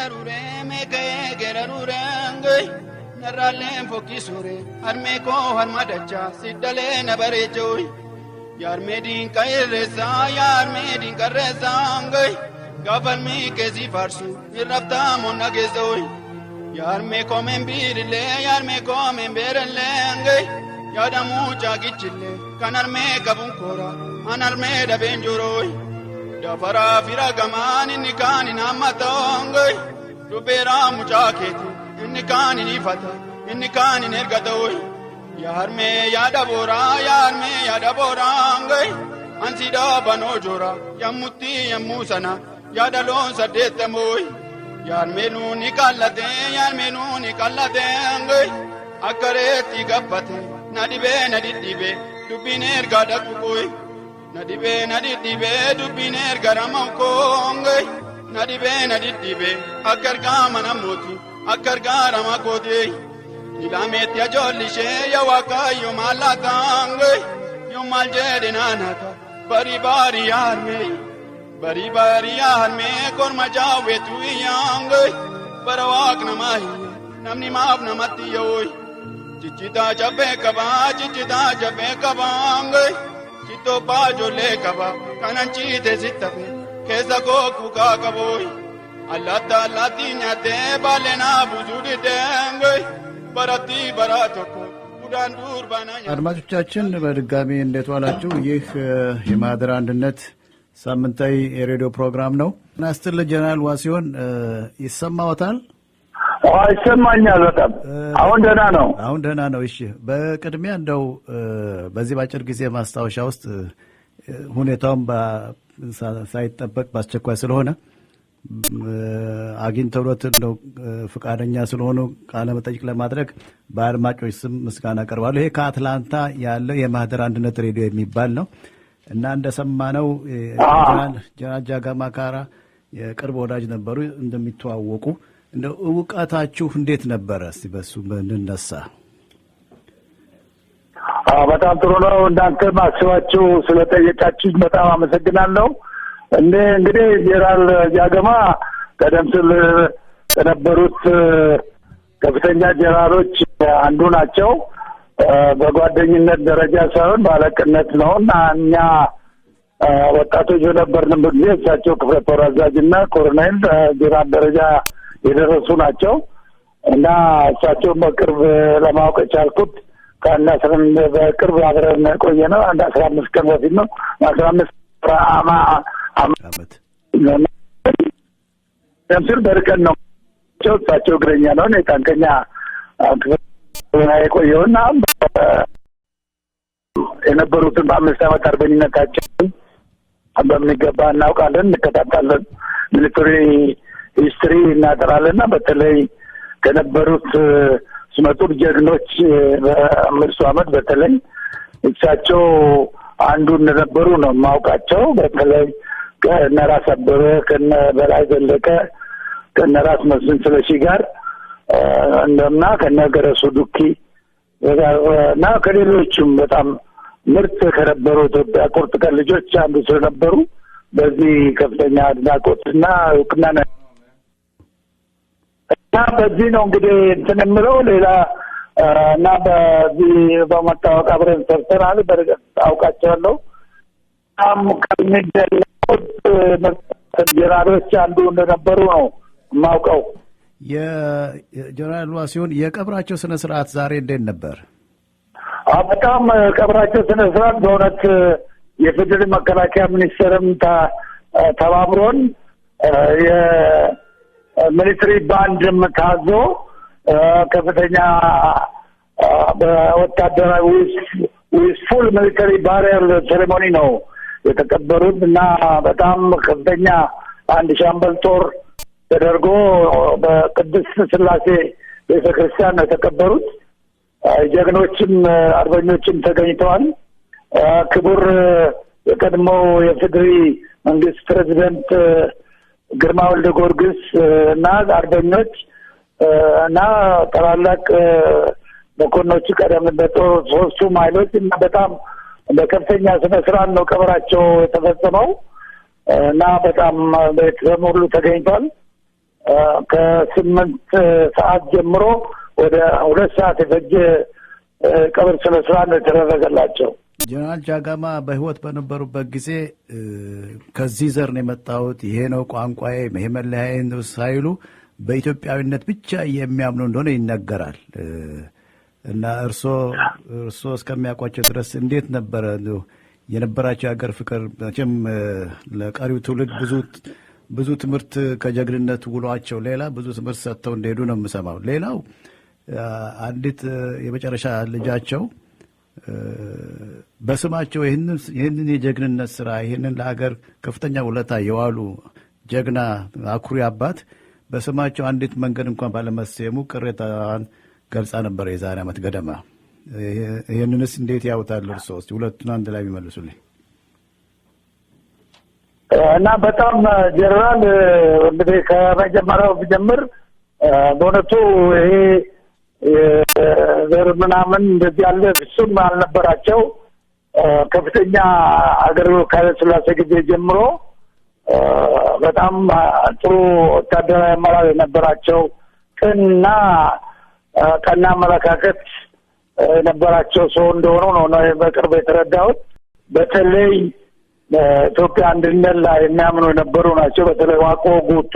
tarure meke gerarurangwe narraaleen fokkisuure harmee koo harmadacha siddalee na bareechooy yaarmee diinqa irreessaa yaarmee diinqarreessaangay gaafalmii keessi faarsu irrabtaa monna geessooy yaarmee koomeen biirillee yaarmee koomeen beerelleengay yaadamuu caagichillee kan harmee qabuun koora an harmee dhabeen jorooy dafaraa fira gamaan inni kaan hin hammatoongay. Dubeera mucaa keeti inni kaan ni fata inni kaan hin erga ta'u yaarmee yaada booraa yaarmee yaada booraa ngayi ansi dhaabanoo joora yammutti yammuu sana yaada loon saddeettamoo yaarmee nuuni kallate yaarmee nuuni kallate ngayi akka reetti gabbate na dhibee na dhidhibee dubbiin ergaa dhaqu qoyi nadi dhibee na dhidhibee dubbiin erga rama koo ngayi. na dhibee na dhidhibee akka argaama namooti akka argaaramaa kootee ilameetti ajoolli ishee yaa waaqayyo maal laataange yoo maal jedhe naanata barii barii yaarmee barii barii yaarmee korma jaawweetu iyyaange bara waaq namaa hiyya namni maaf namatti yaa'ooy ciccitaa jabee qabaa ciccitaa jabee qabaange cittoo baa ijoollee qabaa kanan ciite sittafee. keessa koo kukaa qaboy allatta allatti nyaattee baallenaa buusuu diddeengoy baratti bara tokko አድማጮቻችን በድጋሚ እንዴት ዋላችሁ? ይህ የማህደር አንድነት ሳምንታዊ የሬዲዮ ፕሮግራም ነው። ናስትል ጀነራል ዋሲሆን ይሰማዎታል? ይሰማኛል። በጣም አሁን ደህና ነው። አሁን ደህና ነው። እሺ፣ በቅድሚያ እንደው በዚህ በአጭር ጊዜ ማስታወሻ ውስጥ ሁኔታውን ሳይጠበቅ በአስቸኳይ ስለሆነ አግኝተውት እንደው ፈቃደኛ ስለሆኑ ቃለ መጠይቅ ለማድረግ በአድማጮች ስም ምስጋና አቀርባለሁ። ይሄ ከአትላንታ ያለው የማህደር አንድነት ሬዲዮ የሚባል ነው እና እንደሰማነው ጀነራል ጃጋማ ካራ የቅርብ ወዳጅ ነበሩ እንደሚተዋወቁ እንደ እውቀታችሁ እንዴት ነበረ? በሱ እንነሳ። በጣም ጥሩ ነው። እንዳንተ አስባችሁ ስለጠየቃችሁ በጣም አመሰግናለሁ። እኔ እንግዲህ ጄኔራል ጃገማ ቀደም ስል ከነበሩት ከፍተኛ ጄኔራሎች አንዱ ናቸው። በጓደኝነት ደረጃ ሳይሆን ባለቅነት ነው እና እኛ ወጣቶች በነበርንም ጊዜ እሳቸው ክፍለ ጦር አዛዥ እና ኮሎኔል ጄኔራል ደረጃ የደረሱ ናቸው እና እሳቸውን በቅርብ ለማወቅ የቻልኩት ከአንድ አስራ በቅርብ አብረን ቆየ ነው። አንድ አስራ አምስት ቀን በፊት ነው አስራ አምስት ራማ አመት ምስል በርቀን ነው ቸው እሳቸው እግረኛ ነው እኔ ታንከኛ የቆየውና የነበሩትን በአምስት አመት አርበኝነታቸውን በሚገባ እናውቃለን፣ እንከታታለን። ሚሊተሪ ሂስትሪ እናጠራለንና በተለይ ከነበሩት ሲመጡ ጀግኖች በአምስቱ አመት በተለይ እሳቸው አንዱ እንደነበሩ ነው የማውቃቸው። በተለይ ከነራስ አበበ ከነ በላይ ዘለቀ ከነራስ ራስ መስፍን ስለሺ ጋር እንደምና ከነ ገረሱ ዱኪ እና ከሌሎችም በጣም ምርጥ ከነበሩ ኢትዮጵያ ቁርጥ ቀን ልጆች አንዱ ስለነበሩ በዚህ ከፍተኛ እና እውቅና እና በዚህ ነው እንግዲህ እንትን የምለው ሌላ እና በዚህ በመታወቅ አብረን ሰርተናል። በርቀት አውቃቸዋለሁ። በጣም ከሚደለቁት ጀራሮች አንዱ እንደነበሩ ነው የማውቀው። የጀነራል ዋሲሁን የቀብራቸው ስነ ስርዓት ዛሬ እንዴት ነበር? በጣም ቀብራቸው ስነ ስርዓት በእውነት የፌዴራል መከላከያ ሚኒስቴርም ተባብሮን ሚሊትሪ ባንድ የምታዞ ከፍተኛ በወታደራዊ ዊስፉል ፉል ሚሊተሪ ባሪየር ሴሬሞኒ ነው የተቀበሩት እና በጣም ከፍተኛ አንድ ሻምበል ጦር ተደርጎ በቅድስት ስላሴ ቤተ ክርስቲያን ነው የተቀበሩት። ጀግኖችም አርበኞችም ተገኝተዋል። ክቡር የቀድሞው የፍድሪ መንግስት ፕሬዚደንት ግርማ ወልደ ጊዮርጊስ እና አርበኞች እና ታላላቅ መኮንኖቹ ቀደም በጦር ሶስቱ ኃይሎች እና በጣም በከፍተኛ ስነ ስርዓት ነው ቀብራቸው የተፈጸመው እና በጣም ቤተሰብ ሁሉ ተገኝቷል። ከስምንት ሰዓት ጀምሮ ወደ ሁለት ሰዓት የፈጀ ቀብር ስነ ስርዓት ነው የተደረገላቸው። ጀነራል ጃጋማ በህይወት በነበሩበት ጊዜ ከዚህ ዘር ነው የመጣሁት፣ ይሄ ነው ቋንቋዬ፣ ይሄ መለያዬ ነው ሳይሉ በኢትዮጵያዊነት ብቻ የሚያምኑ እንደሆነ ይነገራል። እና እርሶ እርሶ እስከሚያውቋቸው ድረስ እንዴት ነበረ የነበራቸው የሀገር ፍቅር? መቼም ለቀሪው ትውልድ ብዙ ብዙ ትምህርት ከጀግንነት ውሏቸው ሌላ ብዙ ትምህርት ሰጥተው እንደሄዱ ነው የምሰማው። ሌላው አንዲት የመጨረሻ ልጃቸው በስማቸው ይህንን የጀግንነት ስራ ይህንን ለሀገር ከፍተኛ ውለታ የዋሉ ጀግና አኩሪ አባት በስማቸው አንዲት መንገድ እንኳን ባለመሰየሙ ቅሬታዋን ገልጻ ነበር የዛሬ ዓመት ገደማ። ይህንንስ እንዴት ያውታል እርስዎ? እስኪ ሁለቱን አንድ ላይ ቢመልሱልኝ እና በጣም ጀነራል እንግዲህ ከመጀመሪያው ጀምር በእውነቱ ይሄ የዘር ምናምን እንደዚህ ያለ እሱም አልነበራቸው። ከፍተኛ ሀገር ከኃይለሥላሴ ጊዜ ጀምሮ በጣም ጥሩ ወታደራዊ አመራር የነበራቸው ቅንና ቀና አመለካከት የነበራቸው ሰው እንደሆኑ ነው በቅርብ የተረዳሁት። በተለይ ኢትዮጵያ አንድነት ላይ የሚያምኑ የነበሩ ናቸው። በተለይ ዋቆ ጉቱ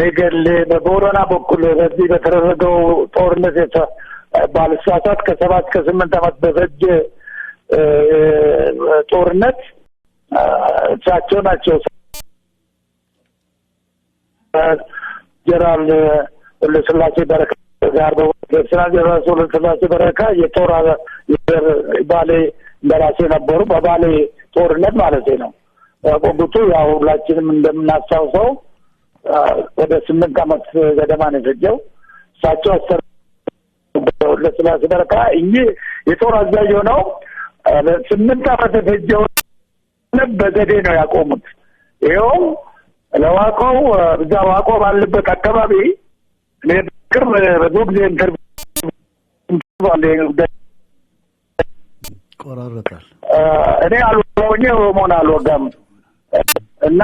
ነገር በቦረና በኩል በዚህ በተደረገው ጦርነት ባልሳሳት ከሰባት እስከ ስምንት ዓመት በፈጀ ጦርነት እሳቸው ናቸው ጀራል ወለስላሴ በረካ ጋር በስራ ጀራል ወለስላሴ በረካ የጦር ባሌ እንደራሴ ነበሩ። በባሌ ጦርነት ማለት ነው። ቁንጉቱ ያው ሁላችንም እንደምናስታውሰው ወደ ስምንት ዓመት ገደማ ነው የፈጀው። እሳቸው አሰር ለስላሴ በረካ እኚህ የጦር አዛዥ ሆነው ስምንት ዓመት የፈጀው በዘዴ ነው ያቆሙት። ይኸውም ለዋቆው እዛ ዋቆ ባለበት አካባቢ ቅርብ ብዙ ጊዜ ንትር ቆራረጣል። እኔ አልወጋው መሆን አልወጋም እና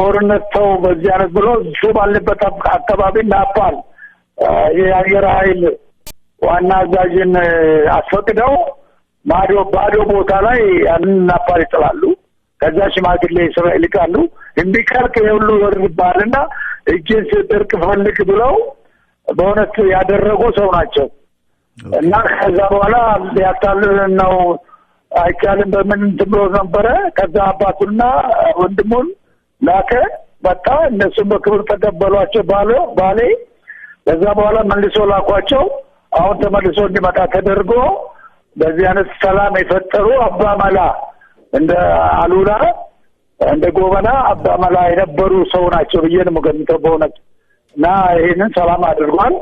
ጦርነት ሰው በዚህ አይነት ብሎ እሱ ባለበት አካባቢ ናፓል የአየር ኃይል ዋና አዛዥን አስፈቅደው ማዶ ባዶ ቦታ ላይ ያንን ናፓል ይጥላሉ። ከዛ ሽማግሌ ስራ ይልቃሉ። እንዲቀልቅ የሁሉ ይወርድብሃልና እጅን ስድርቅ ፈልግ ብለው በእውነት ያደረጉ ሰው ናቸው እና ከዛ በኋላ ያታልል ነው አይቻልም በምን ትብሎ ነበረ። ከዛ አባቱና ወንድሙን ላከ። በቃ እነሱም በክብር ተቀበሏቸው ባለ ባሌ። ከዛ በኋላ መልሶ ላኳቸው። አሁን ተመልሶ እንዲመጣ ተደርጎ በዚህ አይነት ሰላም የፈጠሩ አባ መላ እንደ አሉላ እንደ ጎበና አባ መላ የነበሩ ሰው ናቸው ብዬ ነው የምገምተው በእውነት እና ይህንን ሰላም አድርጓል።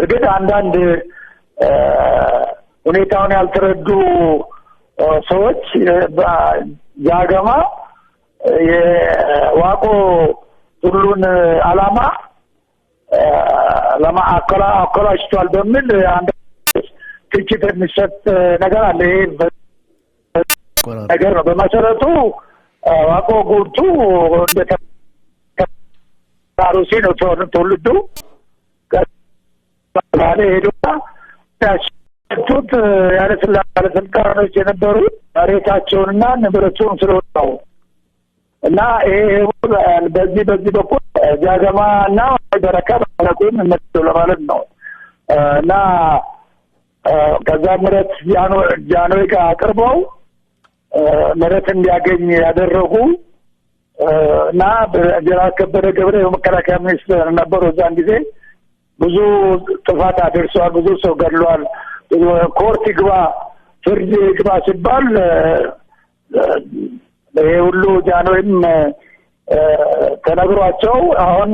እርግጥ አንዳንድ ሁኔታውን ያልተረዱ ሰዎች ጃገማ የዋቆ ቱሉን አላማ ለማአከላ አኮላሽቷል በሚል አንድ ትችት የሚሰጥ ነገር አለ። ይሄ ነገር ነው። በመሰረቱ ዋቆ ጉርቱ እንደታሩሲ ነው ትውልዱ ባለ ሄዶና ያለ ስልጣኖች የነበሩት መሬታቸውንና ንብረቱን ስለሆነው እና ይሄ በዚህ በዚህ በኩል ጃገማ እና ደረካ በረቁም እነሱ ለማለት ነው እና ከዛ ምረት ጃንዌካ አቅርበው ምረት እንዲያገኝ ያደረጉ እና ጀነራል ከበደ ገብረ የመከላከያ ሚኒስትር ነበሩ። እዛን ጊዜ ብዙ ጥፋት አድርሰዋል፣ ብዙ ሰው ገድሏል። ኮርት ይግባ፣ ፍርድ ይግባ ሲባል ይሄ ሁሉ ጃንሆይም ተነግሯቸው አሁን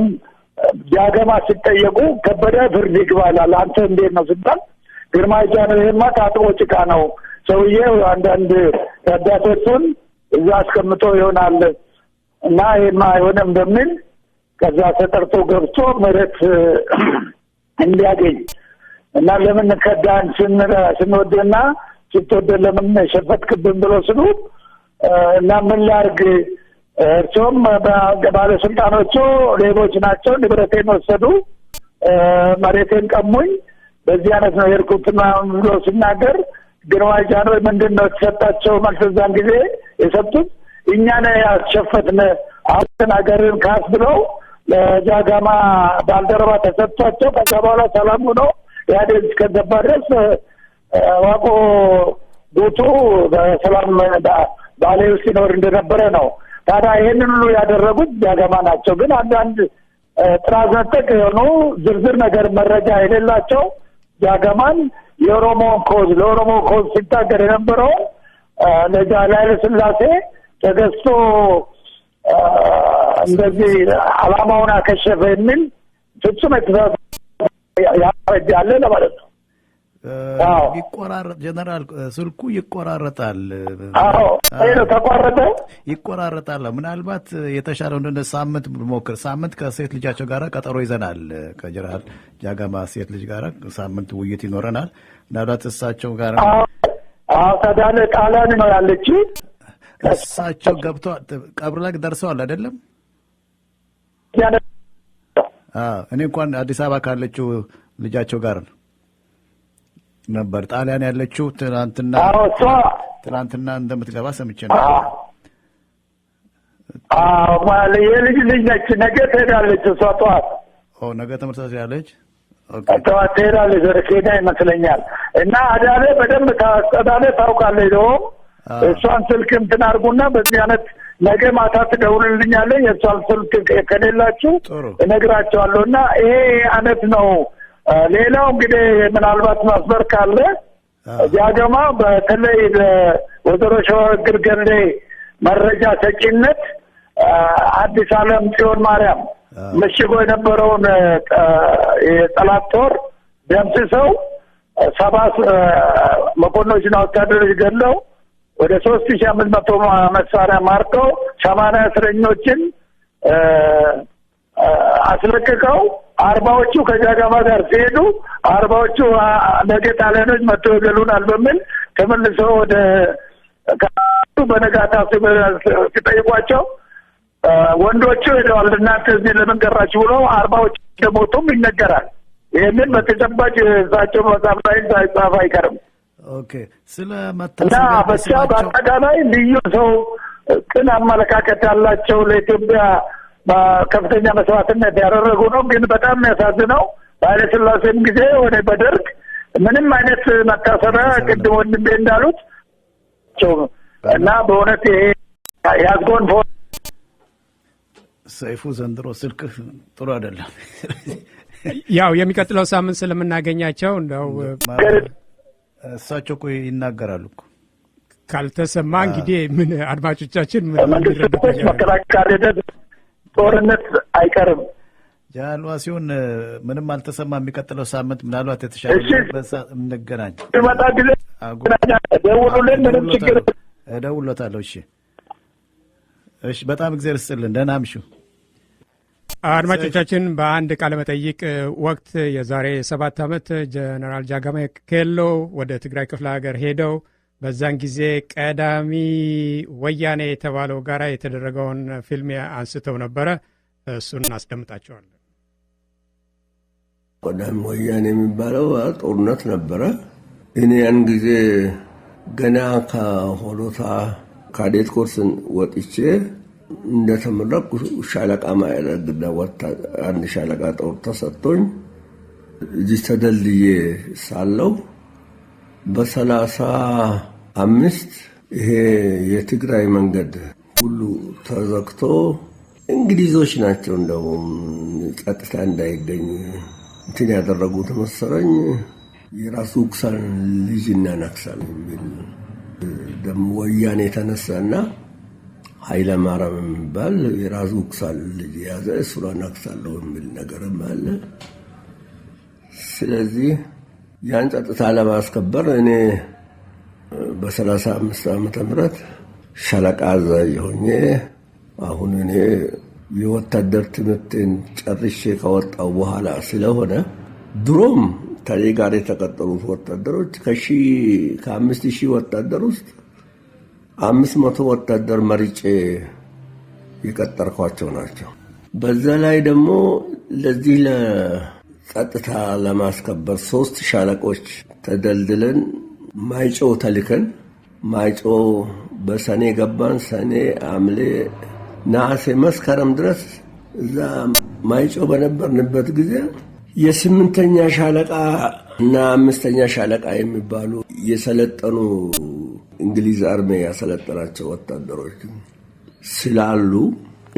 ዳገማ ሲጠየቁ ከበደ ፍርድ ይግባላል አንተ እንዴት ነው ስባል ግርማ ጃንሆይማ ታጥቦ ጭቃ ነው ሰውዬው አንዳንድ ረዳቶቹን እዛ አስቀምጦ ይሆናል እና ይህማ አይሆንም በሚል ከዛ ተጠርቶ ገብቶ መሬት እንዲያገኝ እና ለምን ከዳን ስንወድና ስትወደን ለምን ክብን ብሎ ስሉ እና ምን ሊያርግ እርሱም ባለስልጣኖቹ ሌቦች ናቸው፣ ንብረቴን ወሰዱ፣ መሬቴን ቀሙኝ፣ በዚህ አይነት ነው የሄድኩትና ብሎ ሲናገር ግንዋጃኖ ምንድን ነው የተሰጣቸው መልስ? እዛን ጊዜ የሰጡት እኛ ነ ያስሸፈትነ አሁን ሀገርን ካስ ብለው ለጃጋማ ባልደረባ ተሰጥቷቸው ከዛ በኋላ ሰላም ሆኖ ኢህአዴግ እስከገባ ድረስ ዋቆ ጉቱ በሰላም ባሌ ሲኖር እንደነበረ ነው። ታዲያ ይህንን ሁሉ ያደረጉት ጃገማ ናቸው። ግን አንዳንድ ጥራዘጠቅ የሆኑ ዝርዝር ነገር መረጃ የሌላቸው ጃገማን የኦሮሞን ኮዝ ለኦሮሞ ኮዝ ሲታገር የነበረው ለኃይለ ስላሴ ተገዝቶ እንደዚህ አላማውን አከሸፈ የሚል ፍጹም የተሳሳተ ያለ ለማለት ነው። ይቆራረጥ ጀነራል ስልኩ ይቆራረጣል። ተቋረጠ፣ ይቆራረጣል። ምናልባት የተሻለ እንደሆነ ሳምንት ሞክር። ሳምንት ከሴት ልጃቸው ጋር ቀጠሮ ይዘናል። ከጀነራል ጃጋማ ሴት ልጅ ጋር ሳምንት ውይይት ይኖረናል። ምናልባት እሳቸው ጋር ከዳነ ጣሊያን ነው ያለችው። እሳቸው ገብተዋል። ቀብር ላይ ደርሰዋል አይደለም? እኔ እንኳን አዲስ አበባ ካለችው ልጃቸው ጋር ነው ነበር ጣሊያን ያለችው ትናንትና ትናንትና እንደምትገባ ሰምቼ ነበር። የልጅ ልጅ ነች። ነገ ትሄዳለች። እሷ ጠዋት ነገ ትምህርት ያለች ጠዋት ትሄዳለች። ወደ ኬንያ ይመስለኛል። እና አዳለ በደንብ ታስጠዳለ ታውቃለች። ደግሞ እሷን ስልክ እንትን አድርጉና በዚህ አይነት ነገ ማታ ትደውልልኛለች። የእሷን ስልክ ከሌላችሁ እነግራቸዋለሁ። እና ይሄ አይነት ነው ሌላው እንግዲህ ምናልባት ማስበር ካለ ጃገማ በተለይ ወይዘሮ ሸዋግር ገንዴ መረጃ ሰጪነት አዲስ አለም ጽዮን ማርያም ምሽጎ የነበረውን የጠላት ጦር ደምስሰው ሰባ መኮንኖችና ወታደሮች ገለው ወደ ሶስት ሺ አምስት መቶ መሳሪያ ማርከው ሰማንያ እስረኞችን አስለቅቀው አርባዎቹ ከጃጋማ ጋር ሲሄዱ አርባዎቹ ነገ ጣሊያኖች መጥቶ ይገሉናል በሚል ተመልሰው ወደ በነጋታ ሲጠይቋቸው ወንዶቹ ሄደዋል እናንተ እዚህ ለምን ቀራችሁ ብሎ አርባዎቹ እንደሞቱም ይነገራል። ይህንን በተጨባጭ እሳቸው መጽሐፍ ላይ ሳይጻፍ አይቀርም። ስለ እና በቻ በአጠቃላይ ልዩ ሰው ቅን አመለካከት ያላቸው ለኢትዮጵያ ከፍተኛ መስዋዕትነት ያደረጉ ነው። ግን በጣም የሚያሳዝነው በኃይለስላሴም ጊዜ ሆነ በደርግ ምንም አይነት መታሰሪያ ቅድም ወንድሜ እንዳሉት እና በእውነት ይሄ ያዝጎን ሰይፉ ዘንድሮ ስልክህ ጥሩ አይደለም። ያው የሚቀጥለው ሳምንት ስለምናገኛቸው እንደው እሳቸው እኮ ይናገራሉ እኮ ካልተሰማ እንግዲህ ምን አድማጮቻችን ምን ጦርነት አይቀርም። ሲሆን ምንም አልተሰማ። የሚቀጥለው ሳምንት ምናልባት የተሻለ እንገናኝ መጣ ጊዜ ደውሉልን። ምንም ችግር እደውልሎታለሁ። እሺ፣ እሺ። በጣም እግዜር ይስጥልን። ደህና ምሹ። አድማጮቻችን በአንድ ቃለ መጠይቅ ወቅት የዛሬ ሰባት ዓመት ጀነራል ጃጋማ ኬሎ ወደ ትግራይ ክፍለ ሀገር ሄደው በዛን ጊዜ ቀዳሚ ወያኔ የተባለው ጋራ የተደረገውን ፊልም አንስተው ነበረ። እሱን እናስደምጣቸዋለን። ቀዳሚ ወያኔ የሚባለው ጦርነት ነበረ። እኔ ያን ጊዜ ገና ከሆሎታ ካዴት ኮርስን ወጥቼ እንደተመረቅ ሻለቃ ማዕረግና አንድ ሻለቃ ጦር ተሰጥቶኝ እዚህ ተደልዬ ሳለው በሰላሳ አምስት ይሄ የትግራይ መንገድ ሁሉ ተዘግቶ እንግሊዞች ናቸው እንደውም ጸጥታ እንዳይገኝ እንትን ያደረጉት መሰረኝ የራሱ ውቅሳን ልጅ እናናክሳል የሚል ደግሞ ወያኔ የተነሳ የተነሳና ኃይለ ማርያም የሚባል የራሱ ውቅሳን ልጅ የያዘ እሱን አናክሳለሁ የሚል ነገርም አለ። ስለዚህ ያን ጸጥታ ለማስከበር እኔ በ35 ዓመተ ምህረት ሸለቃ አዛዥ ሆኜ አሁን እኔ የወታደር ትምህርቴን ጨርሼ ከወጣው በኋላ ስለሆነ ድሮም ተሌ ጋር የተቀጠሩት ወታደሮች ከሺህ ከአምስት ሺህ ወታደር ውስጥ አምስት መቶ ወታደር መርጬ የቀጠርኳቸው ናቸው። በዛ ላይ ደግሞ ለዚህ ጸጥታ ለማስከበር ሶስት ሻለቆች ተደልድለን ማይጮ ተልከን ማይጮ በሰኔ ገባን። ሰኔ፣ ሐምሌ፣ ነሐሴ፣ መስከረም ድረስ እዛ ማይጮ በነበርንበት ጊዜ የስምንተኛ ሻለቃ እና አምስተኛ ሻለቃ የሚባሉ የሰለጠኑ እንግሊዝ አርሜ ያሰለጠናቸው ወታደሮች ስላሉ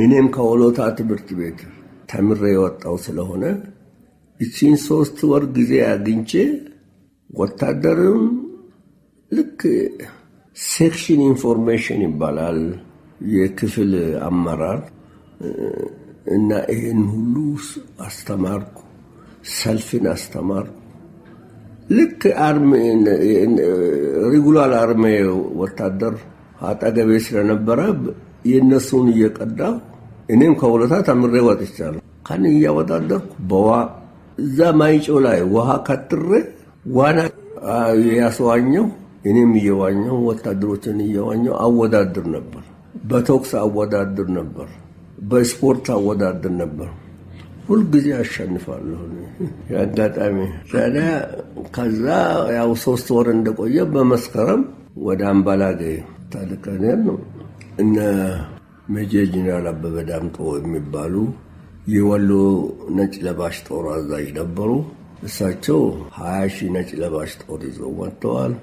እኔም ከወሎታ ትምህርት ቤት ተምሬ የወጣው ስለሆነ እቺን ሶስት ወር ጊዜ አግኝቼ ወታደርም ልክ ሴክሽን ኢንፎርሜሽን ይባላል የክፍል አመራር እና ይህን ሁሉ አስተማርኩ፣ ሰልፍን አስተማርኩ። ልክ ሪጉላር አርሜ ወታደር አጠገቤ ስለነበረ የእነሱን እየቀዳሁ እኔም ከሁለታ ተምሬ ወጥቻለሁ። ከን እያወዳደርኩ በዋ እዛ ማይጮ ላይ ውሃ ከትሬ ዋና ያስዋኘው እኔም እየዋኘው ወታደሮችን እየዋኘው አወዳድር ነበር። በተኩስ አወዳድር ነበር። በስፖርት አወዳድር ነበር። ሁልጊዜ አሸንፋለሁ። አጋጣሚ ታዲያ ከዛ ያው ሶስት ወር እንደቆየ በመስከረም ወደ አምባላጌ ታልቀኔል ነው እነ ሜጀር ጄኔራል አበበ ዳምጦ የሚባሉ የወሎ ነጭ ለባሽ ጦር አዛዥ ነበሩ። እሳቸው ሀያ ሺህ ነጭ ለባሽ ጦር ይዘው ወጥተዋል።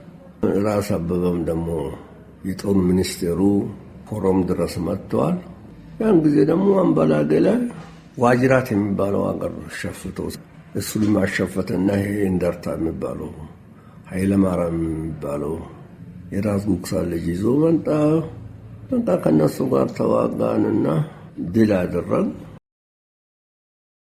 ራስ አበበም ደግሞ የጦር ሚኒስቴሩ ፎረም ድረስ መጥተዋል። ያን ጊዜ ደግሞ አምባላጌ ላይ ዋጅራት የሚባለው አገር ሸፍቶ እሱ ማሸፈትና ይሄ እንደርታ የሚባለው ኃይለማርያም የሚባለው የራስ ጉግሳ ልጅ ይዞ መጣ። በቃ ከነሱ ጋር ተዋጋንና ድል አደረግ